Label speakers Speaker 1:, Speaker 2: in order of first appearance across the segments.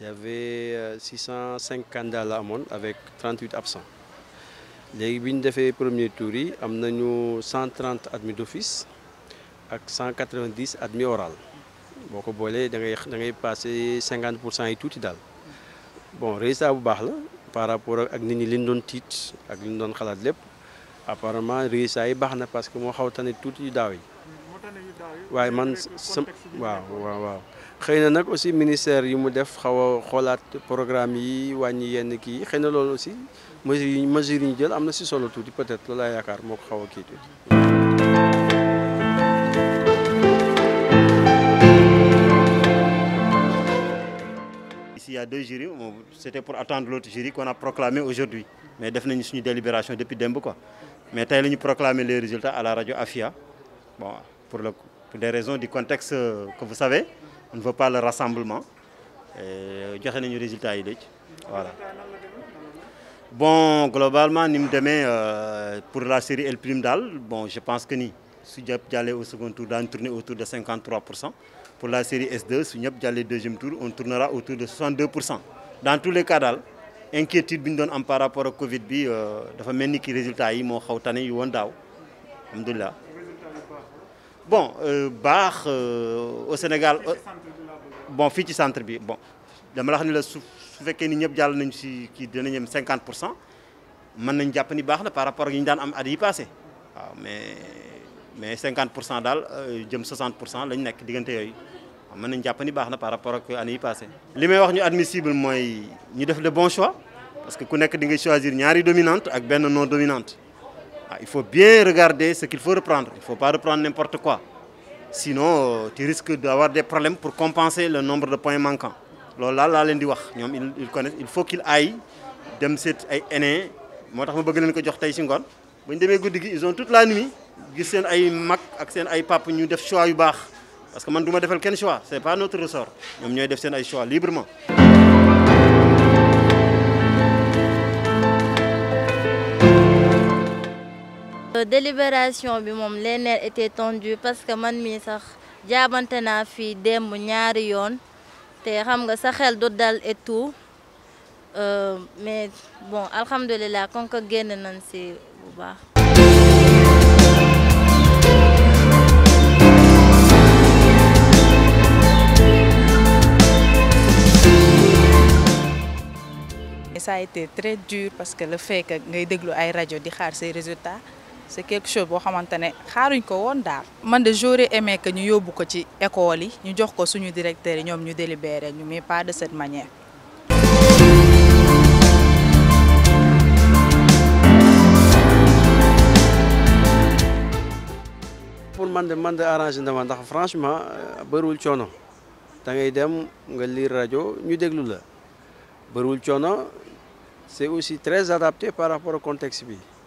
Speaker 1: j'avais 605 euh, candidats avec 38 absents Les bi ñu premier tour yi avons 130 admis d'office et 190 admis oral boo ko da ngay passé 50 pour tout. Bon, le résultat par rapport à nit ñi nous avons doon Apparemment, ak résultat est bon parce que nous xaw tane Oui, oui, oui xëy nak aussi ministère yi mu def xawa a programme yi wàññi yenn ki yi xëy aussi mesures yi ñu jël amna ci solo tuuti peut-être loolu laa yaakaar moo ko xaw
Speaker 2: ici il y a deux jurys, c'était pour attendre l'autre jury qu'on a proclamé aujourd'hui. Mais nous avons une délibération depuis Dembo. Quoi. Mais nous avons proclamé les résultats à la radio AFIA. Bon, pour, le, pour des raisons du contexte euh, que vous savez on ne veut pas le rassemblement On nañu résultat yi voilà bon globalement ni demain euh, pour la série El Prime bon je pense que ni su ñëpp d'aller au second tour on tourner autour de 53 pour la série S2 su au deuxième tour on tournera autour de 62 dans tous les cas inquiétude par rapport au Covid bi euh, dafa mel ni ki résultat yi bon euh, au Sénégal bon fi ci centre bi bon dama la xam ne la su su ni ñep jall nañ ci ki dinañ am 50 pour cent nañ japp ni baxna par rapport ak yi ñu daan am at yi passé waaw mais mais 50 pour cent euh, jëm 60 pour cent lañ nek diggante yoy mën nañ japp ni baxna par rapport ak année yi passé limay wax ñu admissible moy ñu def le bon choix parce que ku nek di nga choisir ñaari dominante ak ben non dominante ah il faut bien regarder ce qu'il faut reprendre il faut pas reprendre n'importe quoi sinon euh, tu risques d'avoir des problèmes pour compenser le nombre de points manquants loolu là là leen di ils il faut qu'il aille dem seet ay aînés moo tax ma bëgg leen ko jox tey si ils ont toute la nuit ils seen ay mag ak seen ay pap ñu def choix yu parce que man du ma defal kenn choix n'est pas notre ressort Ils ont def seen ay choix librement La euh, délibération était tendue parce que je suis sax de ñaari et tout euh, mais bon Alhamdoulilah,
Speaker 1: ça a été très dur parce que le fait que les déglu ay résultats c'est quelque chose bo xamante ne ko won daal. man de j'aurais aimé que ñu yobbu ko ci école yi ñu jox ko suñu directeur ñom ñu délibérer ñu mais pas de cette manière. pour man de man de arrangé ndama ndax franchement bëriwul choono da ngay dem nga lire radio ñu déglu la bëriwul choono c'est aussi très adapté par rapport au contexte bi.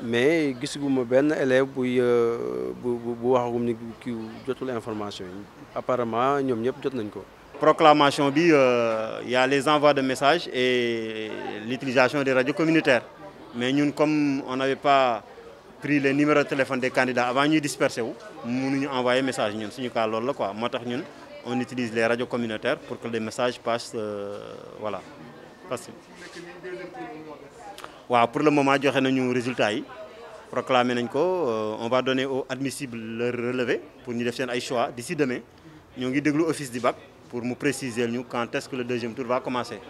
Speaker 1: mais gisuguma benn élève buy euh, bu bu les apparemment ñoom jot proclamation
Speaker 2: il euh, y a
Speaker 1: les envois de messages et
Speaker 2: l'utilisation des radios communautaires mais nous, comme on n'avait pas pris les numéros de téléphone des candidats avant de disperser nous mënuñu envoyer message ñun suñu cas la quoi on utilise les radios communautaires pour que les messages passent euh, voilà pour le moment avons un résultat yi proclamé euh, on va donner aux admissibles leur relevé pour nous def un ay choix d'ici demain nous ngi déglu office du BAC pour nous préciser quand est-ce que le deuxième tour va commencer